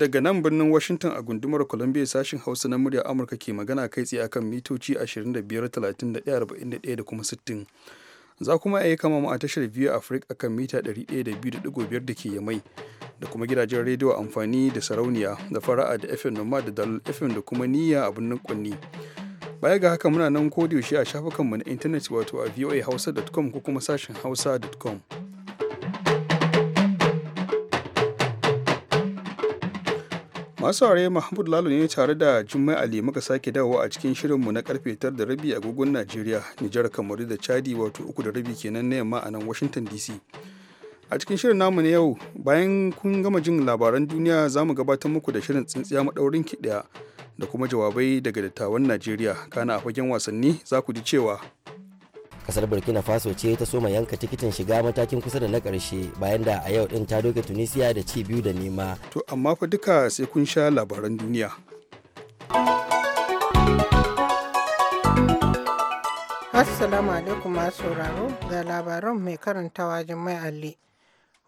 daga nan birnin Washington a gundumar Columbia sashin Hausa na murya Amurka ke magana kai tsaye akan mitoci 25, 31, da kuma 60. Za kuma iya kama mu a tashar biyu afirka akan mita 102.5 da ke yamai da kuma gidajen rediyo amfani da sarauniya da fara'a da FM Noma da Dalol FM da kuma niyya a birnin Kunni. Baya ga haka muna nan kodiyoshi a shafukanmu na intanet wato a voahausa.com ko kuma sashin hausa.com. masu ware mahmud lalo ne tare da jummai ali muka sake dawowa a cikin shirinmu na karfe tar da rabi agogon najeriya nijar kamaru da chadi wato uku da rabi kenan na yamma a nan washington dc a cikin shirin namu na yau bayan kun gama jin labaran duniya za mu gabatar muku da shirin tsintsiya maɗaurin ki da kuma jawabai daga dattawan najeriya kana a fagen wasanni za ku ji cewa kasar burkina faso ce ta soma yanka tikitin shiga matakin kusa da na karshe bayan da a yau din ta doke tunisia da ci biyu da nema to amma fa duka sai kun sha labaran duniya assalamu alaikum sauraro ga labaran mai karantawa jimai ali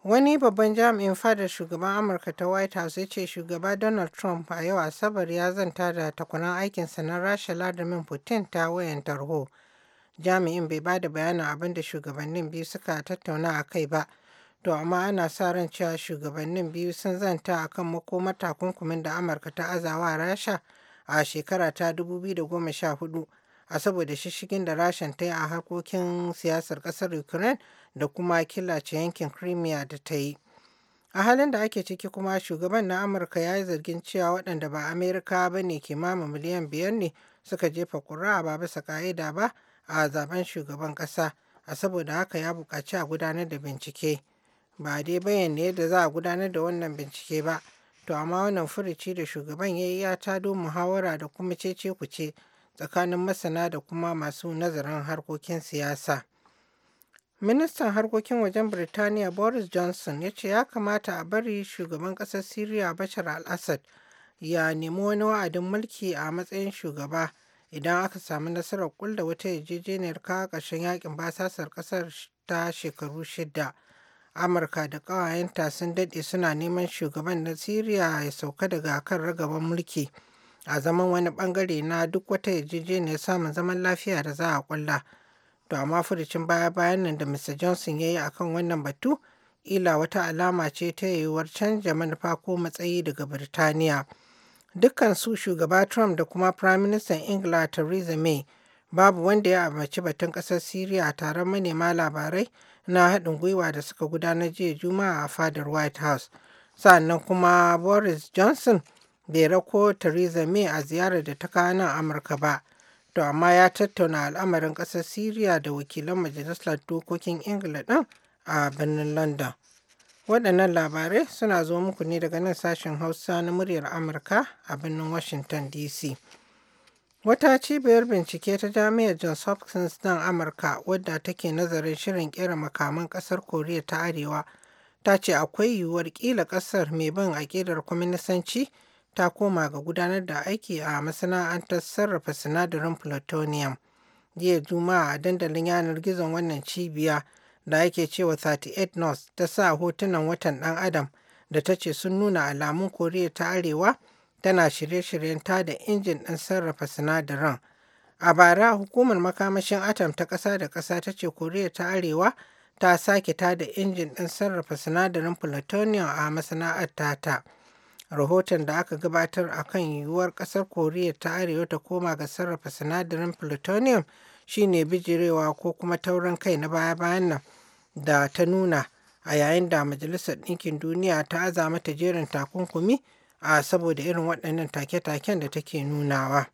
wani babban jami'in fadar shugaban amurka ta white house ya ce shugaba donald trump a yau asabar ya zanta da takunan aikinsa na rasha ladamin putin ta wayan tarho jami'in bai ba da bayanin abin da shugabannin biyu suka tattauna a kai ba to amma ana sa ran cewa shugabannin biyu sun zanta a akan makomar takunkumin da amurka ta azawa rasha a shekara ta 2014 a saboda shishigin da rashin ta yi a harkokin siyasar kasar ukraine da kuma killace yankin crimea da ta yi a halin da ake ciki kuma shugaban na amurka ya yi zargin cewa waɗanda ba amerika ba ne kimanin miliyan biyar ne suka jefa ƙuri'a ba bisa ƙa'ida ba a zaben shugaban ƙasa a saboda haka ya buƙaci a gudanar da bincike ba dai bayyana yadda za a gudanar da wannan bincike ba to amma wannan furuci da shugaban ya yi ya tado muhawara da kuma cece kuce tsakanin masana da kuma masu nazarin harkokin siyasa ministan harkokin wajen birtaniya boris johnson ya ce ya kamata a bari shugaban ƙasar syria bashar al-assad ya nemi wani wa'adin mulki a matsayin shugaba idan aka samu nasarar da wata yarjejeniyar kawo ƙarshen yakin basasar ƙasar ta shekaru shida amurka da ƙawayenta sun daɗe suna neman shugaban na siriya ya sauka daga kan ragaban mulki a zaman wani bangare na duk wata yarjejeniyar samun zaman lafiya da za a kulla to amma furucin baya bayan nan da mr johnson ya yi akan wannan batu ila wata alama ce ta yiwuwar canja manufa ko matsayi daga birtaniya dukkansu shugaba trump da kuma firaministan ingila theresa may babu wanda ya ambaci batun ƙasar syria a taron manema labarai na haɗin gwiwa da suka gudanar jiya juma'a a fadar white house sannan kuma boris johnson bai rako theresa may a ziyarar da ta kawo nan amurka ba to amma ya tattauna al'amarin ƙasar syria da wakilan majalisar dokokin ingila ɗin a birnin london Waɗannan labarai suna zo muku ne daga nan sashen Hausa na muryar Amurka a birnin Washington DC. Wata cibiyar bincike ta Jami'ar Johns Hopkins nan Amurka wadda take nazarin shirin kera makaman ƙasar Koriya ta Arewa ta ce akwai yiwuwar ƙila ƙasar mai bin aƙidar kwaminisanci ta koma ga gudanar da aiki a masana'antar sarrafa sinadarin plutonium. Jiya Juma'a a dandalin yanar gizon wannan cibiya da ake cewa 38 North ta sa hotunan watan ɗan adam da ta ce sun nuna alamun koriya ta arewa tana shirye-shiryen ta da injin ɗin sarrafa sinadaran a bara hukumar makamashin atom ta ƙasa da ƙasa ta ce koriya ta arewa ta sake ta da injin ɗin sarrafa sinadarin plutonium a masana'arta ta rahoton da aka gabatar a kan yiwuwar ƙasar koriya ta arewa ta koma ga sarrafa sinadarin plutonium shine bijirewa ko kuma taurin kai na baya-bayan nan da ta nuna a yayin da majalisar ɗinkin duniya ta azama ta jerin takunkumi a saboda irin waɗannan take-taken da take nunawa.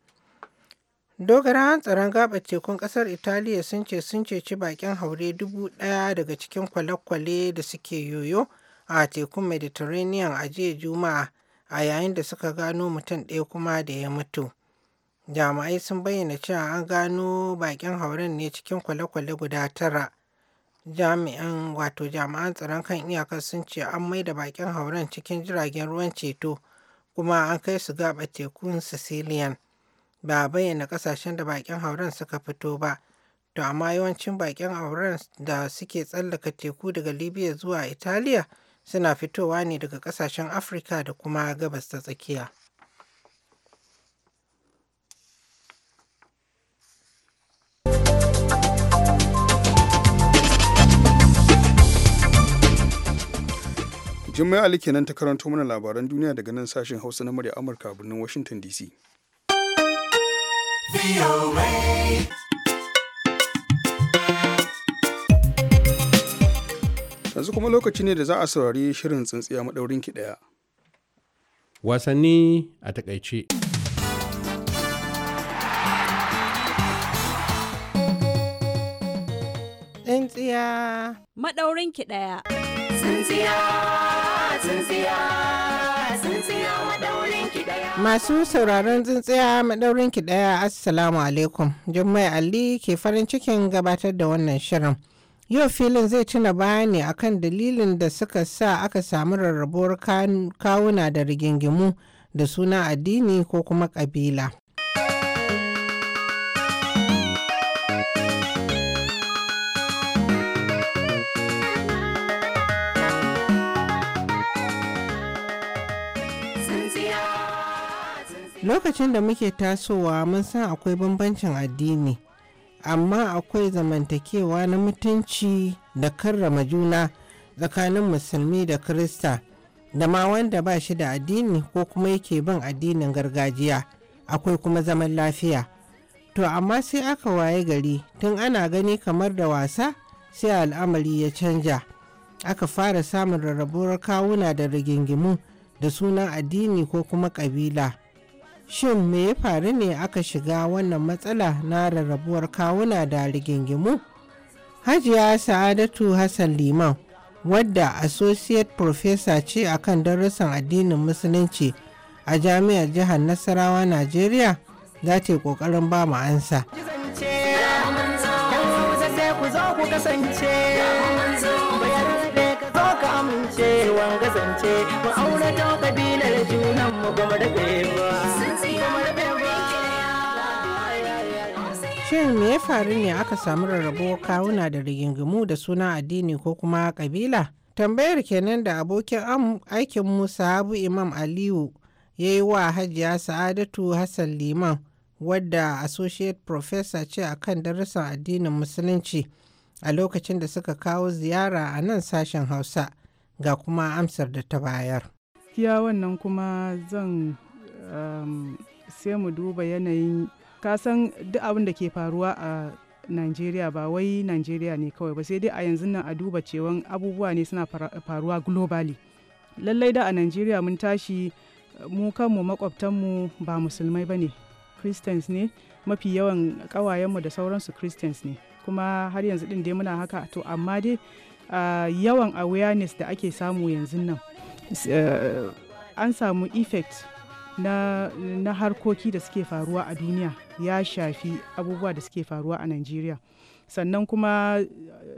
Dogarawan tsaron gabar tekun ƙasar Italiya sun ce sun ceci bakin haure dubu ɗaya daga cikin kwale-kwale da suke yoyo a tekun Mediterranean a jiya Juma'a a yayin da suka gano mutum ɗaya kuma da ya mutu. Jami'ai sun bayyana cewa an gano bakin hauren ne cikin kwale-kwale guda tara. Jami'an wato jami'an tsaron kan iyakar sun ce an maida bakin hauren cikin jiragen ruwan ceto kuma an kai su gaba tekun Sicilian. Ba bayyana kasashen da bakin hauren suka fito ba, to amma yawancin bakin hauren da suke tsallaka teku daga Libya zuwa Italiya suna fitowa ne daga kasashen Afirka da kuma Gabas ta Tsakiya. Jummai Ali kenan ta karanto mana labaran duniya daga nan sashen Hausa na murya Amurka birnin Washington DC. Yanzu kuma lokaci ne da za a saurari shirin tsintsiya maɗaurin ki ɗaya. Wasanni a takaice. Tsintsiya maɗaurin ki ɗaya. Masu sauraron tsintsiya madaurin ki daya Assalamu alaikum. Jummai Ali ke farin cikin gabatar da wannan shirin. Yau filin zai tuna bayani a kan dalilin da suka sa aka samu rarrabuwar kawuna da rigingimu da suna addini ko kuma ƙabila. lokacin da muke tasowa mun san akwai bambancin addini amma akwai zamantakewa na mutunci da karrama juna tsakanin musulmi da kirista da ma wanda ba shi da addini ko kuma yake bin addinin gargajiya akwai kuma zaman lafiya to amma sai aka waye gari tun ana gani kamar da wasa sai al'amari ya canja aka fara samun rarrabuwar kawuna da rigingimu da sunan addini ko kuma ƙabila. shin me ya faru ne aka shiga wannan matsala na rarrabuwar kawuna da rigingimu hajiya sa'adatu hassan liman wadda associate professor ce akan darussan addinin musulunci a jami'ar jihar nasarawa najeriya za ta yi kokarin ba mu ansa aure ta kabilar junan mu Shin me ya faru ne aka samu rarrabuwar kawuna da rigingimu da suna addini ko kuma kabila? Tambayar kenan da abokin aikin Musa Abu Imam Aliyu ya yi wa Hajiya Sa'adatu Hassan Liman wadda Associate Professor ce a kan darussan addinin Musulunci a lokacin da suka kawo ziyara a nan sashen Hausa ga kuma amsar da ta bayar. Gaskiya wannan kuma zan um, sai mu duba yanayin ka san duk abin da ke faruwa a Najeriya ba wai Najeriya ne kawai ba sai dai a yanzu nan a duba cewan abubuwa ne suna faruwa globally. Lallai da a Najeriya mun tashi mu kanmu makwabtanmu ba musulmai ba ne, Christians ne, mafi yawan ƙawayenmu da sauransu Christians ne. Kuma har yanzu ɗin dai muna haka to amma dai yawan awareness da ake samu yanzu nan. Eh, an samu effect na, na harkoki da suke faruwa a duniya ya shafi abubuwa da suke faruwa a Najeriya. Sannan kuma eh,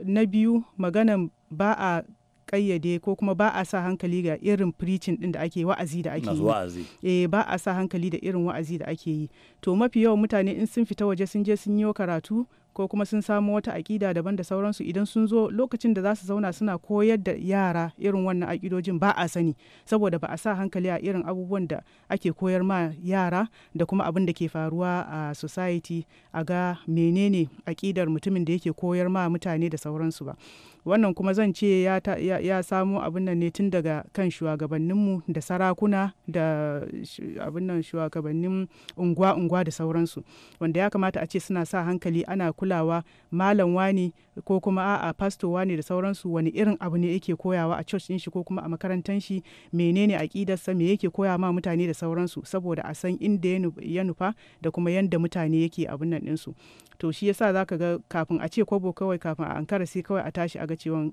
na biyu maganan ba a kayyade ko kuma ba a sa hankali ga irin preaching din da ake wa'azi da ake yi. Eh ba a sa hankali da irin wa'azi da ake yi. To mafi yawan mutane in sun fita waje sun je sun yi karatu ko kuma sun samu wata aƙida daban da sauransu idan sun zo lokacin da za su zauna suna koyar da yara irin wannan aƙidojin ba a sani saboda ba a sa hankali a irin abubuwan da ake koyar ma yara da kuma abin da ke faruwa a society a ga menene aƙidar mutumin da yake koyar ma mutane da sauransu ba wannan kuma zan ce ya, ya, ya samo abin nan ne tun daga kan shugabanninmu da sarakuna da abin nan shugabannin unguwa-unguwa da sauransu wanda ya kamata a ce suna sa hankali ana kulawa malam wani ko kuma a'a fastowa ne da sauransu wani irin abu ne yake koyawa a church din shi ko kuma a makarantan shi menene aƙidarsa me yake koya ma mutane da sauransu saboda a san inda ya nufa da kuma yanda mutane yake abin nan ɗinsu to shi yasa zaka ga kafin a ce kwabo kawai kafin a ankara sai kawai a tashi a ga cewa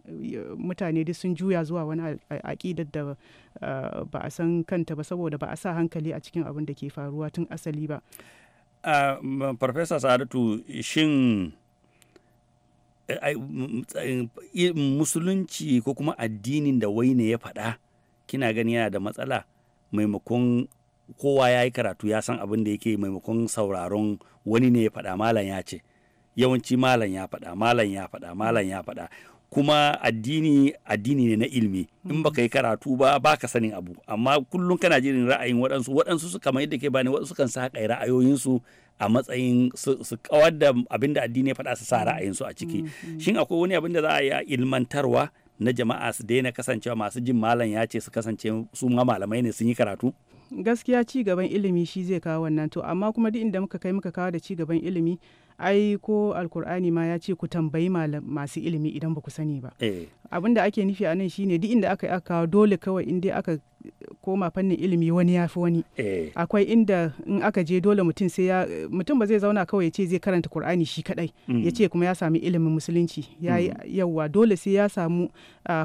mutane duk sun juya zuwa wani aƙidar da ah, ba a san kanta ba saboda ba a sa hankali a cikin abun da ke faruwa tun asali ba. Farfesa ah, Sadatu shin Mm, mm, musulunci ko kuma addinin da wai ne ya faɗa kina gani yana da matsala maimakon kowa ya yi karatu ya san abin da yake maimakon sauraron wani ne ya faɗa malam ya ce yawanci malam ya faɗa malam ya faɗa malam ya faɗa kuma addini addini ne na ilmi in baka yi karatu ba baka sanin abu amma kullum kana jirin ra'ayin waɗansu waɗansu su kamar yadda ke bani waɗansu kan sa ra'ayoyinsu a matsayin su kawar da abin da addini ya faɗa su sa mm-hmm. ra'ayin su a ciki mm-hmm. shin akwai wani abin da za a yi a ilmantarwa na jama'a su daina kasancewa masu jin malam ya ce su kasance su ma malamai ne sun yi karatu gaskiya ci gaban ilimi shi zai kawo wannan to amma kuma duk inda muka kai muka kawo da ci gaban ilimi ai ko alkur'ani ma ya ce ku tambayi masu ilimi idan ba ku sani ba eh. abin da ake nufi a nan shine duk inda aka aka dole kawai in dai aka koma fannin ilimi wani ya fi wani eh. akwai inda in aka je dole mutum sai ya mutum ba zai zauna kawai ya ce zai karanta qur'ani shi kadai mm. ya ce kuma ya sami ilimin musulunci ya mm. yawa dole sai ya samu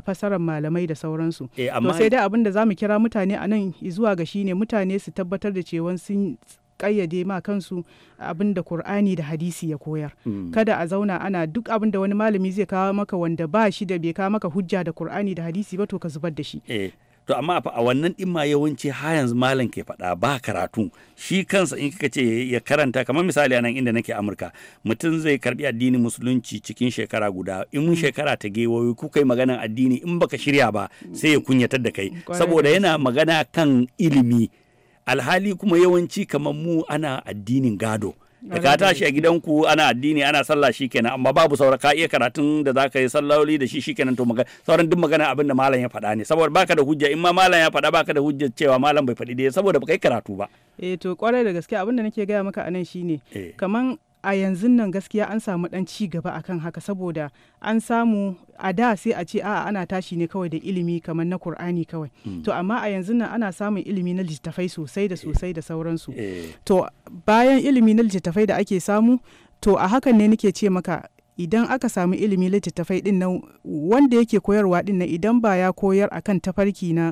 fasarar malamai da sauransu eh, to sai dai abin da zamu kira mutane a nan zuwa ga shine mutane su tabbatar da cewa sun kayyade ma kansu abin da Kur'ani da hadisi ya koyar. Hmm. Kada a zauna ana duk abin da wani malami zai kawo maka wanda ba shi da bai kawo maka hujja da Kur'ani da hadisi ba to ka zubar da shi. Eh, to amma a wannan din ma yawanci ha yanzu malam ke faɗa ba karatu shi kansa in kika ce ya karanta kamar misali anan inda nake Amurka mutum zai karbi addinin musulunci cikin shekara guda in hmm. shekara ta gewayo kuka yi maganan addini in baka shirya ba hmm. sai ya kunyatar da kai saboda yana magana kan ilimi alhali kuma yawanci kamar mu ana addinin gado da ka tashi a gidanku ana addini ana sallah shikenan amma babu saura ka iya karatun da za ka yi salloli da shi shikenan to sauran duk magana abin da malam ya faɗa ne saboda baka da hujja in ma malam ya faɗa baka da hujja cewa malam bai faɗi dai saboda baka yi karatu ba eh to kwarai da gaske abin da nake gaya maka anan shine eh. kaman a yanzu nan gaskiya an samu dan ci gaba akan haka saboda an samu a da sai a ce a'a ana tashi ne kawai da ilimi kamar na Kur'ani kawai hmm. to amma a yanzu nan ana samun ilimi na littattafai sosai da eh. sosai da sauransu eh. to bayan ilimi na littattafai da ake samu to a hakan ne nake ce maka idan aka samu ilimi littattafai din nan wanda yake koyarwa din nan idan ba ya koyar akan tafarki na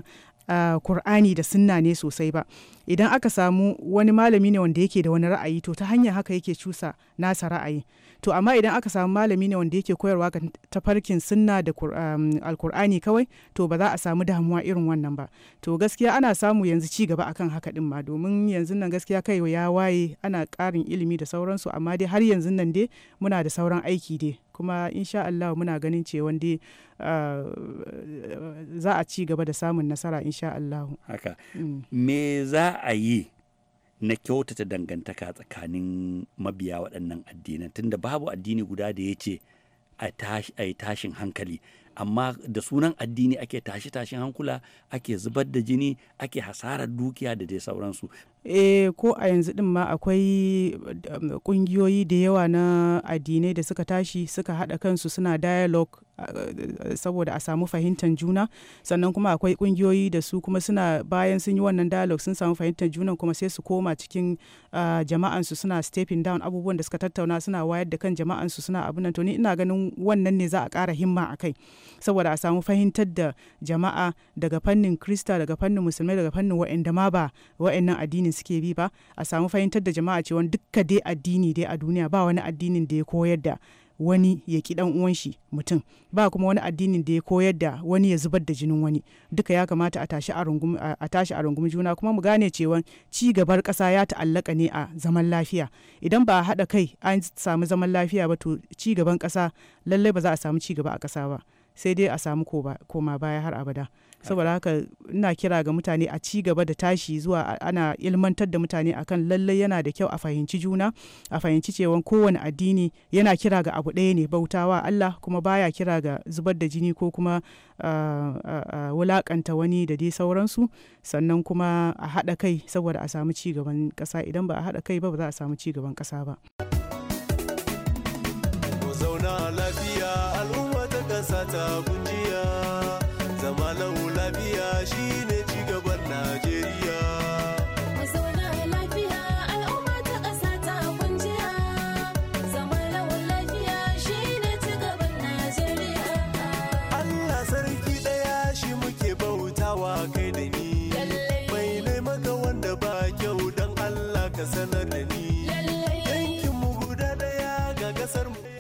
Uh, Kur'ani da sunna ne sosai ba idan aka samu wani malami ne wanda yake da wani ra'ayi to ta hanyar haka yake cusa nasa ra'ayi to amma idan aka samu malami ne wanda yake koyarwa ta farkin sunna da um, alkur'ani kawai to ba za a samu damuwa irin wannan ba to gaskiya ana samu yanzu ci gaba akan haka din ma domin yanzu nan gaskiya kai ya waye ana karin ilimi da sauransu amma dai har yanzu nan dai muna da sauran aiki dai kuma insha Allah muna ganin ce wanda uh, za a ci gaba da samun nasara insha Allah haka mm. me za za a yi na kyautata dangantaka tsakanin mabiya waɗannan addinan tunda babu addini guda da ya ce a yi tashin hankali amma da sunan addini ake tashi tashin hankula ake zubar da jini ake hasarar dukiya da dai sauransu E ko a yanzu din ma akwai kungiyoyi um, da yawa na addinai da suka tashi suka hada kansu suna dialogue uh, saboda a samu fahimtar juna sannan kuma akwai kungiyoyi da su kuma suna bayan sun yi wannan dialogue sun samu fahimtar juna kuma sai su koma cikin uh, jama'ansu suna stepping down abubuwan da suka tattauna suna wayar da kan jama'ansu suna abin nan to ni ina ganin wannan ne za a ƙara himma a kai saboda a samu fahimtar da jama'a daga fannin krista daga fannin musulmai daga fannin wa'anda ma ba wa'annan addini addinin suke bi ba a samu fahimtar da jama'a cewa dukka dai addini dai a duniya ba wani addinin da ya koyar da wani ya ki dan uwan shi mutum ba kuma wani addinin da ya koyar da wani ya zubar da jinin wani duka ya kamata a tashi a rungumi juna kuma mu gane cewa ci gabar kasa ya ta'allaka ne a zaman lafiya idan ba a haɗa kai an samu zaman lafiya ba to ci gaban kasa lallai ba za a samu ci gaba a kasa ba sai dai a samu koma baya har abada saboda haka ina kira ga mutane a ci gaba da tashi zuwa ana ilmantar da mutane akan lallai yana da kyau a fahimci juna a fahimci cewa kowane addini yana kira ga abu ɗaya ne bautawa Allah kuma baya kira ga zubar da jini ko kuma wulakanta wani da dai sauransu sannan kuma a haɗa kai saboda a samu ci gaban ƙasa idan ba a haɗa kai ba ba za a samu ci gaban ƙasa ba. Zauna lafiya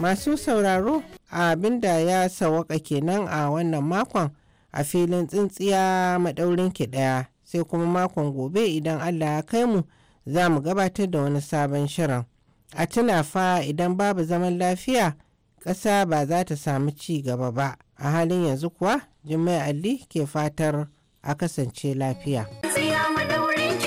masu sauraro abin da ya sawaka kenan a wannan makon a filin tsintsiya maɗaurin ki ɗaya sai kuma makon gobe idan allah ya kai mu za mu gabatar da wani sabon shirin a tuna fa idan babu zaman lafiya ƙasa ba za ta samu ci gaba ba a halin yanzu kuwa jimai ali ke fatar a kasance lafiya. Tsiya madaurin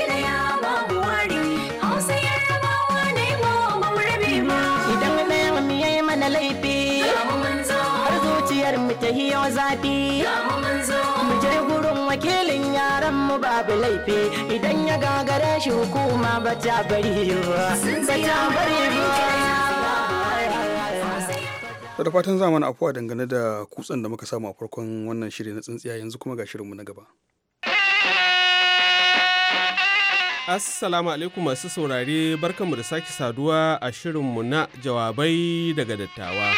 zafi mu je gurin wakilin yaran mu babu laifi idan ya gagare shi hukuma ba ta bari ba ba ta bari ba da fatan zamani afuwa dangane da kutsen da muka samu a farkon wannan shiri na tsintsiya yanzu kuma ga shirinmu na gaba Assalamu alaikum masu saurare barkanmu da sake saduwa a shirinmu na jawabai daga dattawa.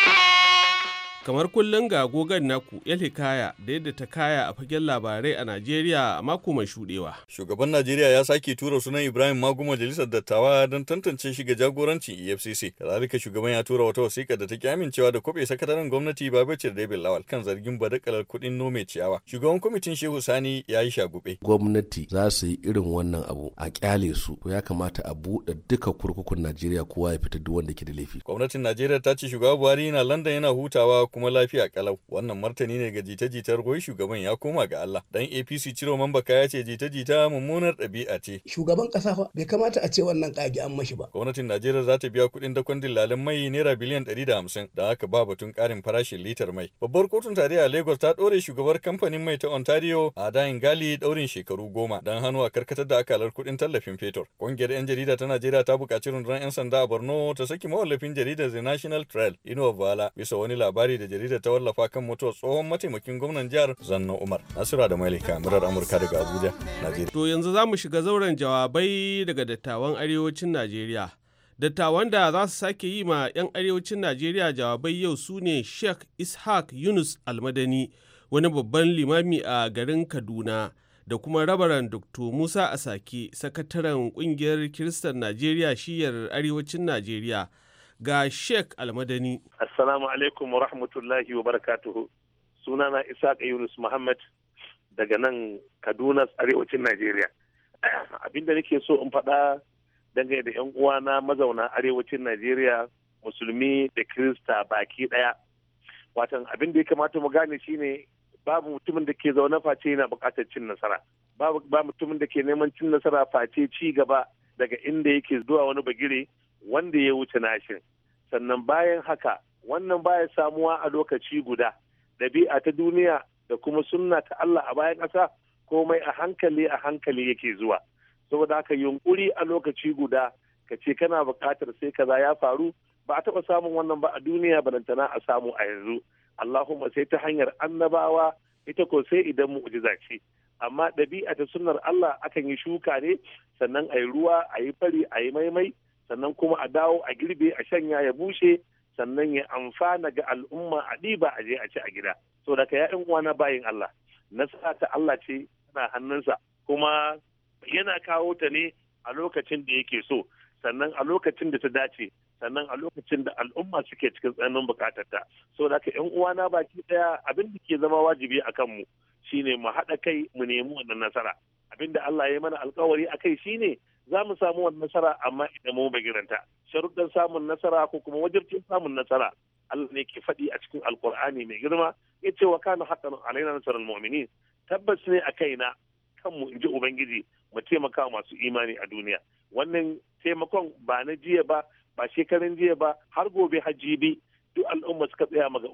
kamar kullum ga gogan naku ya hikaya da yadda ta kaya a fagen labarai a najeriya a mako mai shudewa shugaban najeriya ya sake tura sunan ibrahim magu majalisar dattawa don tantance shiga jagorancin efcc kazalika shugaban ya tura wata wasiƙa da ta ki amincewa da kwabe sakataren gwamnati babacir david lawal kan zargin badakalar kuɗin nome ciyawa shugaban kwamitin shehu sani ya yi shagube gwamnati za su yi irin wannan abu a kyale su ya kamata a buɗe duka kurkukun najeriya kowa ya fita duk wanda ke da laifi gwamnatin najeriya ta ce shugaba buhari na london yana hutawa kuma lafiya kalau wannan martani ne ga jita-jitar goyi shugaban ya koma ga Allah dan APC Ciro Mambaka ya ce jita-jita mummunar ɗabi'a ce shugaban ƙasa fa bai kamata a ce wannan kage an mashi ba gwamnatin Najeriya za ta biya kuɗin dakon dillalin mai naira biliyan 150 da aka ba batun karin farashin litar mai babbar kotun tarayya Lagos ta ɗore shugabar kamfanin mai ta Ontario a dayin gali ɗaurin shekaru goma don hannu a karkatar da akalar kuɗin tallafin fetur ƙungiyar 'yan jarida ta Najeriya ta buƙaci rundunar 'yan sanda a Borno ta saki mawallafin jaridar The National Trail Inuwa Bala bisa wani labari da da jarida ta wallafa kan mutuwar tsohon mataimakin gwamnan jihar Zanna Umar. Nasira da Malika kamarar Amurka daga Abuja, Najeriya. To yanzu za mu shiga zauren jawabai daga dattawan arewacin Najeriya. Dattawan da za su sake yi ma 'yan arewacin Najeriya jawabai yau su ne Sheikh Ishaq Yunus Almadani, wani babban limami a garin Kaduna. da kuma rabaran Dr. Musa Asake, sakataren kungiyar Kiristan Najeriya shiyar Arewacin Najeriya, ga Sheikh Almadani. Assalamu alaikum wa rahmatullahi wa barakatuhu. Sunana Isaac Yunus Muhammad daga nan Kaduna arewacin Najeriya. Abinda nake so in faɗa dangane da 'yan uwana mazauna arewacin Najeriya musulmi da Kirista baki ɗaya. Watan abin da ya kamata mu gane shine babu mutumin da ke zaune face yana buƙatar cin nasara. Babu mutumin da ke neman cin nasara face ci gaba daga inda yake zuwa wani bagire wanda ya wuce nashin sannan bayan haka wannan baya samuwa a lokaci guda ɗabi'a ta duniya da kuma sunna ta Allah a bayan ƙasa komai a hankali a hankali yake zuwa saboda haka yunkuri a lokaci guda ka ce kana buƙatar sai kaza ya faru ba a taɓa samun wannan ba a duniya balantana a samu a yanzu Allahumma sai ta hanyar annabawa ita ko sai idan mu'jiza ce amma ɗabi'a ta sunnar Allah akan yi shuka ne sannan a yi ruwa a yi fari a yi maimai sannan kuma a dawo a girbe a shanya ya bushe sannan ya amfana ga al'umma a ɗiba a je a ci a gida so daga ya'yan uwana bayin Allah na ta Allah ce na hannunsa kuma yana kawo ta ne a lokacin da yake so sannan a lokacin da ta dace sannan a lokacin da al'umma suke cikin tsananin ta so da ka yan uwana baki daya abin da ke zama wajibi a kanmu shine mu haɗa kai mu nemi wannan nasara abin da Allah ya mana alkawari a kai shine za mu samu wani nasara amma idan mu bagiranta sharuɗan samun nasara ko kuma wajibcin samun nasara Allah ne ke faɗi a cikin alkur'ani mai girma ya ce wa kana haƙan alaina nasarar mu'minin tabbas ne a kai na kanmu in ji ubangiji mu taimaka masu imani a duniya wannan taimakon ba na jiya ba ba shekarun jiya ba har gobe hajji bi duk al'umma suka tsaya maga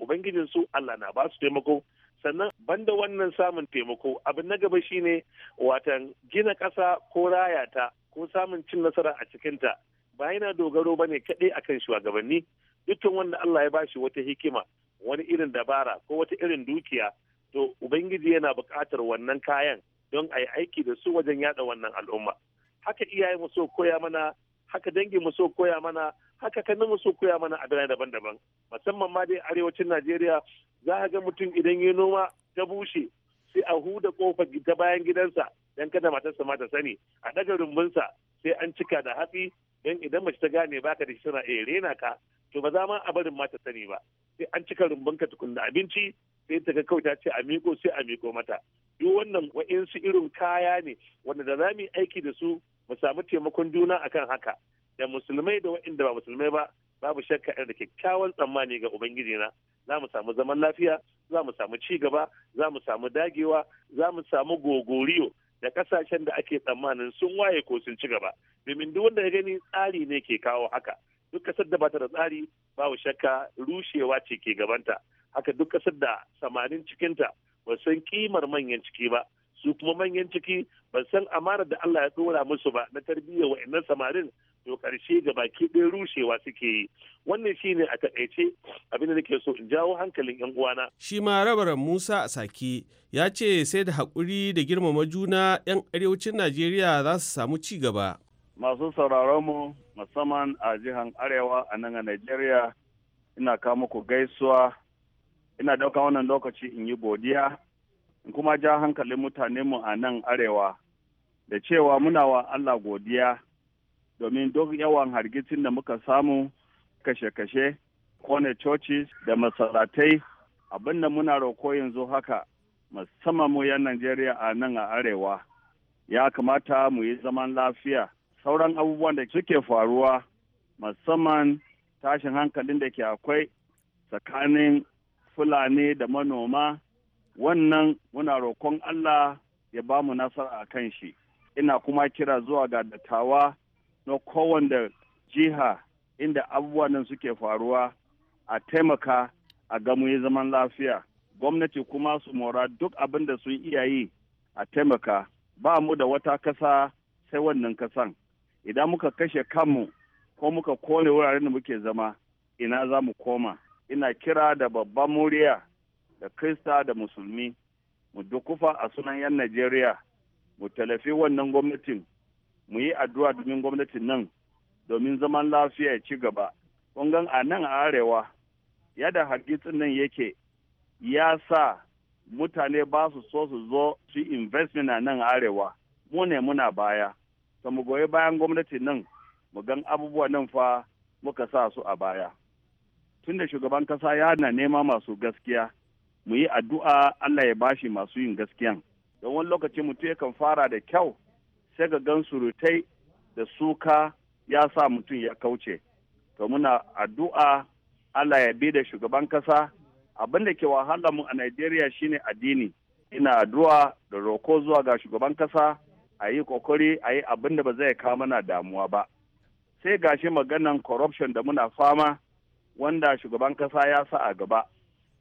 su Allah na ba su taimako sannan banda wannan samun taimako Abin na gaba shine watan gina ƙasa ko raya ta ko samun cin nasara a cikinta ba yana dogaro ba ne kaɗai akan shugabanni dukkan wanda Allah ya shi wata hikima wani irin dabara ko wata irin dukiya to ubangiji yana buƙatar wannan kayan don a yi aiki da su wajen yada wannan al'umma haka iyaye mu so koya mana haka dangi mu so koya mana haka kanin mu so koya mana a birane daban-daban musamman ma dai arewacin Najeriya za ga mutum idan ya noma ta bushe sai a huda kofa ta bayan gidansa dan kada matarsa ma ta sani a daga rumbunsa sai an cika da hatsi dan idan mace ta gane baka da shi tana iya rena ka to ba za ma a barin ma ta sani ba sai an cika rumbunka tukunna abinci sai ta ga kawai ta ce a miko sai a miko mata duk wannan wa'insu irin kaya ne wanda da za mu aiki da su mu samu taimakon juna akan haka da musulmai da waɗanda ba musulmai ba babu shakka da kyakkyawan tsammani ga ubangiji na za mu samu zaman lafiya za mu samu ci gaba za mu samu dagewa za mu samu gogoriyo da kasashen da ake tsammanin sun waye ko sun ci gaba domin duk wanda ya gani tsari ne ke kawo haka duk kasar da bata da tsari babu shakka rushewa ce ke gabanta haka duk kasar da samanin cikinta ba san kimar manyan ciki ba su kuma manyan ciki ba san amanar da Allah ya tsora musu ba na tarbiyyar wa'annan samarin to karshe ga baki ɗaya rushewa suke yi wannan shi ne a takaice abin da nake so in jawo hankalin yan uwana shi ma rabaran Musa a saki ya ce sai da haƙuri da girmama juna yan arewacin Najeriya za su samu ci gaba masu sauraron mu musamman a jihar arewa a nan a Najeriya ina kawo muku gaisuwa ina ɗauka wannan lokaci in yi godiya in kuma ja hankalin mutanenmu a nan arewa da cewa muna wa Allah godiya domin duk yawan hargitsin da muka samu kashe-kashe kone churches da masalatai abinda muna roko yanzu haka musamman mu yan Najeriya a nan a arewa ya kamata mu yi zaman lafiya sauran abubuwan da suke faruwa musamman tashin hankalin da ke akwai tsakanin fulani da manoma wannan muna roƙon Allah ya ba mu nasara a kan shi ina kuma kira zuwa ga dattawa na kowanne jiha inda abubuwan nan suke faruwa a taimaka a gamu yi zaman lafiya gwamnati kuma su mora duk abin da sun iya yi a taimaka ba mu da wata kasa sai wannan kasan idan muka kashe kanmu ko muka kone wuraren da muke zama ina za mu koma ina kira da babban muriya da krista da musulmi mu dukufa a sunan 'yan najeriya mu talafi wannan gwamnatin mu yi addu'a domin gwamnatin nan domin zaman lafiya ya ci gaba gan a nan a arewa yadda hargitsin nan yake ya sa mutane ba su so su zo su investment a nan arewa mu ne muna baya ta mu goyi bayan gwamnati nan mu gan abubuwa nan fa muka sa su a baya tun da shugaban kasa ya na nema masu gaskiya mu yi addu'a Allah ya bashi masu yin gaskiyan don wani lokaci mutum yakan fara da kyau sai ga gan surutai da suka ya sa mutum ya kauce to muna addu'a Allah ya bi da shugaban kasa abin da ke wahala mu a Najeriya shine addini ina addu'a da roko zuwa ga shugaban kasa a yi kokari a yi abin da ba zai kawo mana damuwa ba sai gashi maganan corruption da muna fama wanda shugaban kasa ya sa a gaba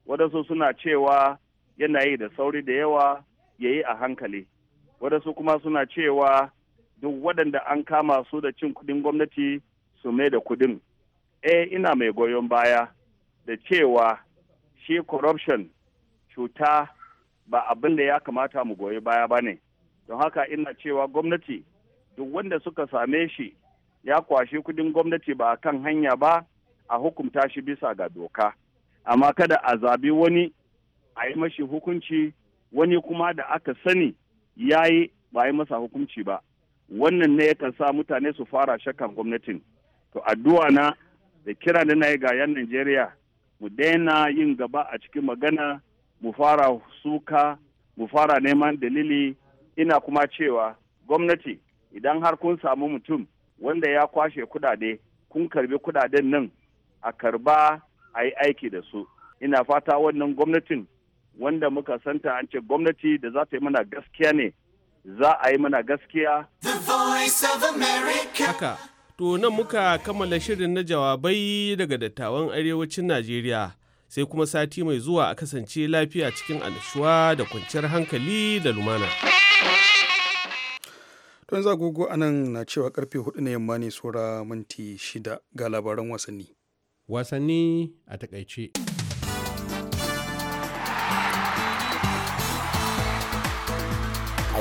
wadansu suna cewa yana yi da sauri da yawa ya yi a hankali waɗansu kuma suna cewa duk waɗanda an kama su da cin kuɗin gwamnati su mai da kuɗin eh ina mai goyon baya da cewa shi corruption cuta ba abin da ya kamata mu goyi baya ba ne don haka ina cewa gwamnati duk wanda suka same shi ya kwashe kudin gwamnati ba a kan hanya ba a hukumta shi bisa ga doka amma kada a zabi wani a yi mashi hukunci wani kuma da aka sani ya yi ba yi masa hukunci ba wannan ne yakan sa mutane su fara shakan gwamnatin to addu'a na da kira da na yi ga yan najeriya mu daina yin gaba a cikin magana mu fara suka mu fara neman dalili ina kuma cewa gwamnati idan har kun samu mutum wanda ya kwashe kudade kun karbi kudaden nan a karba a yi aiki da su ina fata wannan gwamnatin wanda muka santa an ce gwamnati da za ta yi mana gaskiya ne za a yi mana gaskiya. Haka, to nan muka kammala shirin na jawabai daga dattawan arewacin Najeriya sai kuma sati mai zuwa a kasance lafiya cikin annashuwa da kwanciyar hankali da lumana. Don zagogo a nan na cewa karfe hudu na yamma ne saura minti shida ga labaran wasanni. Wasanni a takaice.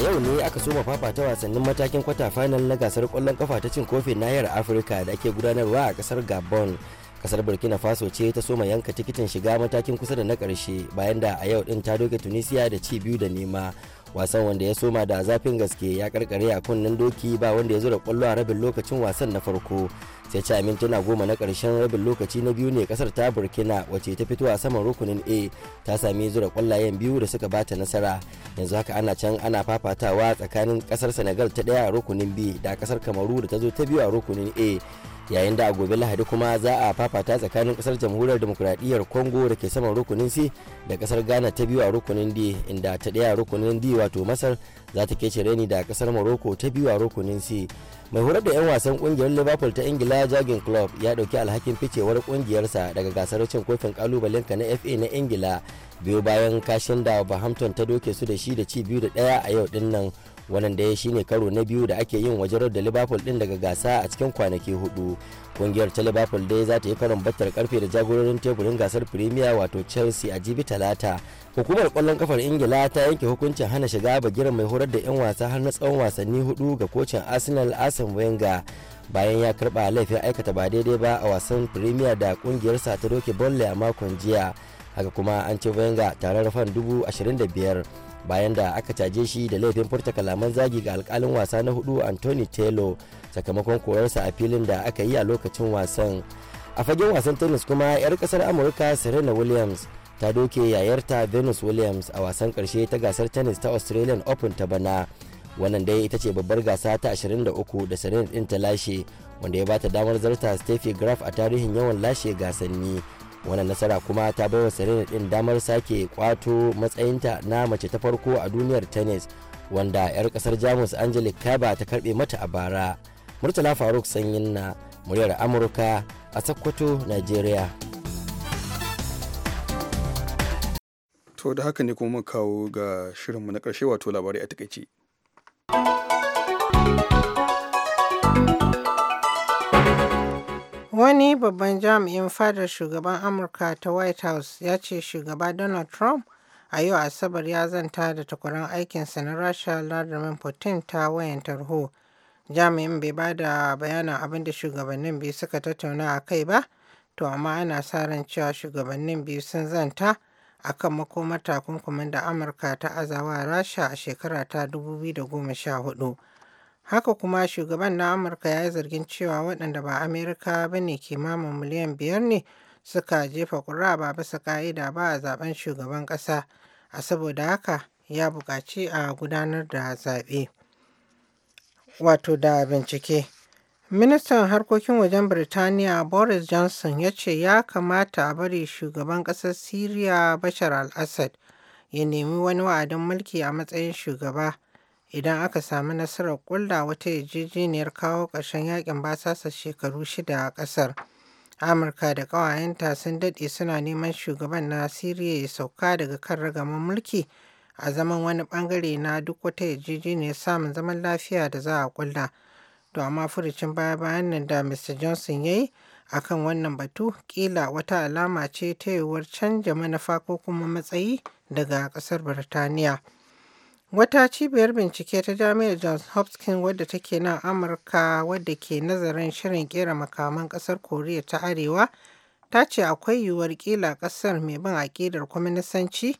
a yau ne aka soma fafata wasannin matakin kwata final na gasar kwallon kafa ta cin kofin nahiyar afirka da ake gudanarwa a kasar gabon kasar burkina faso ce ta soma yanka tikitin shiga matakin kusa da na karshe bayan da a yau din ta doke tunisia da ci biyu da nema wasan wanda ya soma da zafin gaske ya karkare a kunnen doki ba wanda ya zura kwallo a rabin lokacin wasan na farko sai ci mintuna goma na karshen rabin lokaci na biyu ne kasar ta burkina wacce ta fito a saman rukunin a ta sami zura kwallayen biyu da suka bata nasara yanzu haka ana can ana fafatawa tsakanin kasar senegal ta daya a rukunin b da kasar kamaru da ta zo ta biyu a rukunin a yayin da a gobe lahadi kuma za a fafata tsakanin kasar jamhuriyar demokuraɗiyyar congo da ke saman rukunin c da kasar ghana ta biyu a rukunin d inda ta ɗaya rukunin d wato masar za ta kece reni da kasar morocco ta biyu a rukunin c mai horar da 'yan wasan kungiyar liverpool ta ingila jagin club ya ɗauki alhakin ficewar kungiyarsa daga gasar cin kofin kalubalen ka na fa na ingila biyu bayan kashin da bahamton ta doke su da shi da ci biyu da ɗaya a yau dinnan wannan da ya shine karo na biyu da ake yin wajerar da liverpool din daga gasa a cikin kwanaki hudu kungiyar ta liverpool dai za ta yi karon battar karfe da jagororin teburin gasar premier wato chelsea a jibi talata hukumar kwallon kafar ingila ta yanke hukuncin hana shiga ba bagiran mai horar da 'yan wasa har na tsawon wasanni hudu ga kocin arsenal arsene wenger bayan ya karba laifin aikata ba daidai ba a wasan premier da kungiyarsa ta doke bolle a makon jiya haka kuma an ci wenger tare da fan dubu ashirin da biyar bayan da aka caje shi da laifin furta kalaman zagi ga alkalin wasa na hudu anthony taylor sakamakon koyarsa a filin da aka yi a lokacin wasan a fagen wasan tennis kuma 'yar kasar amurka serena williams ta doke yayarta venus williams a wasan karshe ta gasar tennis ta australian open ta bana wannan dai ita ce babbar gasa ta 23 da serena din ta lashe wanda ya ba ta damar zarta steffi graf a tarihin yawan lashe gasanni wannan nasara kuma ta bai wa serena din damar sake kwato matsayinta na mace ta farko a duniyar tennis wanda 'yar kasar jamus angelic kaba ta karbe mata a bara murtala faruk sanyin na muryar amurka a sokoto nigeria to da haka ne kuma kawo ga shirinmu na karshe wato labarai a takaice Wani babban jami'in fadar shugaban Amurka ta White House ya ce Shugaba Donald Trump a yau Asabar ya zanta da takwaran aikinsa na Rasha ladarmin Putin ta wayan tarho. Jami'in bai ba da bayanin abin da shugabannin biyu suka tattauna a kai ba, to amma ana sa ran cewa shugabannin biyu sun zanta a kan makomar takunkumin da Amurka ta azawa Rasha a shekara ta 2014. Haka kuma shugaban na Amurka ya yi zargin cewa waɗanda ba amerika ba ne kimanin miliyan biyar ne suka jefa ƙura ba bisa ƙa'ida ba a zaben shugaban ƙasa, a saboda haka ya buƙaci a gudanar da zaɓe. Wato da bincike. Ministan harkokin wajen Birtaniya Boris Johnson ya ce ya kamata a bari shugaban ƙasar Siriya Bashar al-Assad ya nemi wani wa'adin mulki a matsayin shugaba idan aka sami nasarar ƙulla wata yarjejeniyar kawo ƙarshen yakin basasa shekaru shida a ƙasar. Amurka da ƙawayenta sun daɗe suna neman shugaban na Siriya ya sauka daga kan ragaman mulki a zaman wani ɓangare na duk wata yarjejeniyar samun zaman lafiya da za a ƙulla. To amma furucin baya-bayan nan da Mr. Johnson ya yi a kan wannan batu ƙila wata alama ce ta yiwuwar canja manufa ko kuma matsayi daga ƙasar Birtaniya. Wata cibiyar bincike ta Jami'ar Johns Hopkins wadda take nan Amurka wadda ke nazarin shirin kera makaman ƙasar Koriya ta Arewa ta ce akwai yiwuwar ƙila ƙasar mai bin aƙidar kwaminisanci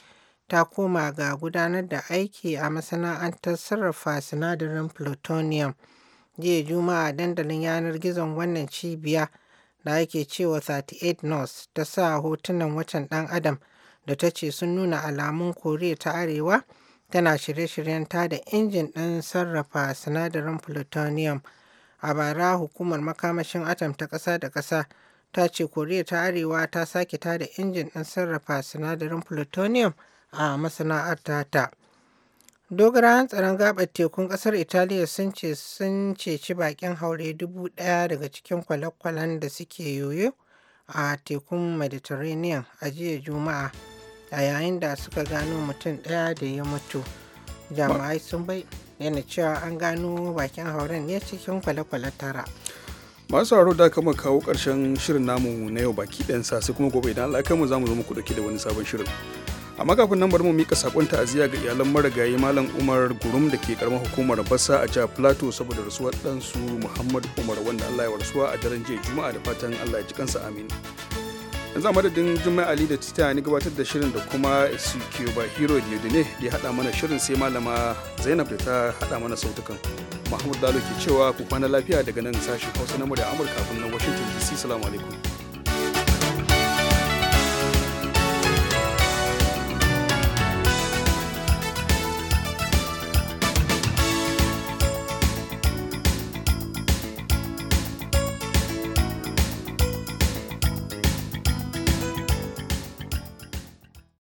ta koma ga gudanar da aiki a masana'antar sarrafa sinadarin plutonium. Jiya Juma'a dandalin yanar gizon wannan cibiya da ake cewa 38 North ta sa hotunan watan ɗan Adam da ta ce sun nuna alamun Koriya ta Arewa tana shirye-shiryen tada injin ɗin sarrafa sinadarin plutonium a bara hukumar makamashin atom ta ƙasa da ƙasa ta ce koriya ta arewa ta sake tada injin ɗin sarrafa sinadarin plutonium a masana'arta ta dogara tsaron gabar tekun ƙasar italiya sun ce sun ceci bakin haure dubu ɗaya daga cikin kwalekwalen da suke yoyo a tekun mediterranean a jiya juma'a a yayin da suka gano mutum daya da ya mutu jama'ai sun bai yana cewa an gano bakin hauren ne cikin kwale-kwale tara masu haro da aka kawo karshen shirin namu na yau baki ɗansa sai kuma gobe idan Allah mu za mu zo muku dauke da wani sabon shirin amma kafin nan bari mu mika sakon ta'aziyya ga iyalan marigayi malam Umar Gurum da ke karamar hukumar Bassa a jihar Plateau saboda rasuwar su Muhammad Umar wanda Allah ya rasuwa a daren jiya Juma'a da fatan Allah ya ji kansa amin yanzu a madadin jimai ali da tita ni gabatar da shirin da kuma suke ba hero ne da ya haɗa mana shirin sai malama zainab da ta haɗa mana sautukan mahmud dalo ke cewa ku kwana lafiya daga nan sashen hausa na murya amurka a nan washington dc salamu alaikum